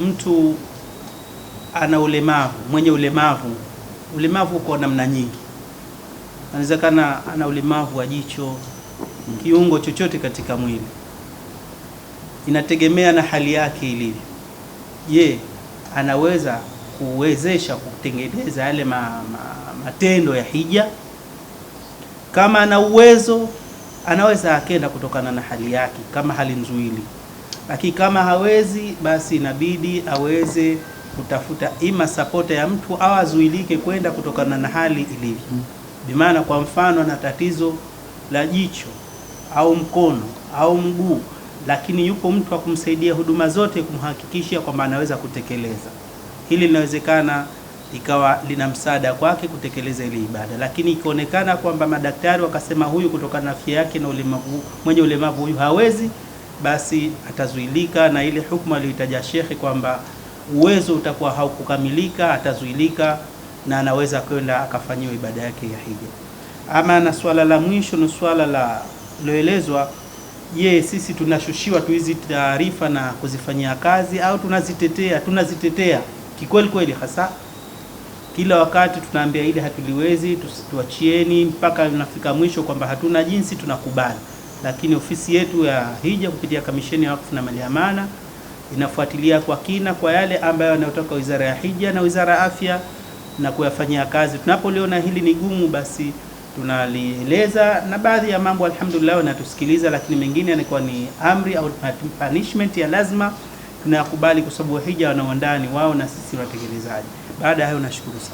mtu ana ulemavu, mwenye ulemavu, ulemavu uko namna nyingi. Anawezekana ana ulemavu wa jicho, kiungo chochote katika mwili, inategemea na hali yake ilivyo. Je, anaweza kuwezesha kutengeneza yale ma, ma, matendo ya hija? Kama ana uwezo, anaweza akenda kutokana na hali yake, kama hali nzuri lakini kama hawezi, basi inabidi aweze kutafuta ima sapota ya mtu au azuilike kwenda kutokana na hali ilivyo. Bimaana kwa mfano, ana tatizo la jicho au mkono au mguu, lakini yupo mtu wa kumsaidia huduma zote kumhakikishia kwamba anaweza kutekeleza hili, linawezekana ikawa lina msaada kwake kutekeleza ile ibada, lakini ikionekana kwamba madaktari wakasema huyu kutokana na afya yake na ulemavu, mwenye ulemavu huyu hawezi basi atazuilika na ile hukumu aliyoitaja shekhe kwamba uwezo utakuwa haukukamilika, atazuilika na anaweza kwenda akafanyiwa ibada yake ya hija. Ama na swala la mwisho ni swala la loelezwa, je, sisi tunashushiwa tu hizi taarifa na kuzifanyia kazi au tunazitetea? Tunazitetea kikweli kweli, hasa kila wakati tunaambia ile hatuliwezi, tuachieni, mpaka nafika mwisho kwamba hatuna jinsi, tunakubali lakini ofisi yetu ya hija kupitia kamisheni ya wakfu na mali amana inafuatilia kwa kina kwa yale ambayo yanayotoka wizara ya hija na wizara ya afya na kuyafanyia kazi. Tunapoliona hili ni gumu, basi tunalieleza, na baadhi ya mambo alhamdulillah wanatusikiliza, lakini mengine yanakuwa ni amri au punishment ya lazima tunayakubali, kwa sababu hija wanaoandaa ni wao na sisi watekelezaji. Baada ya hayo, nashukuru sana.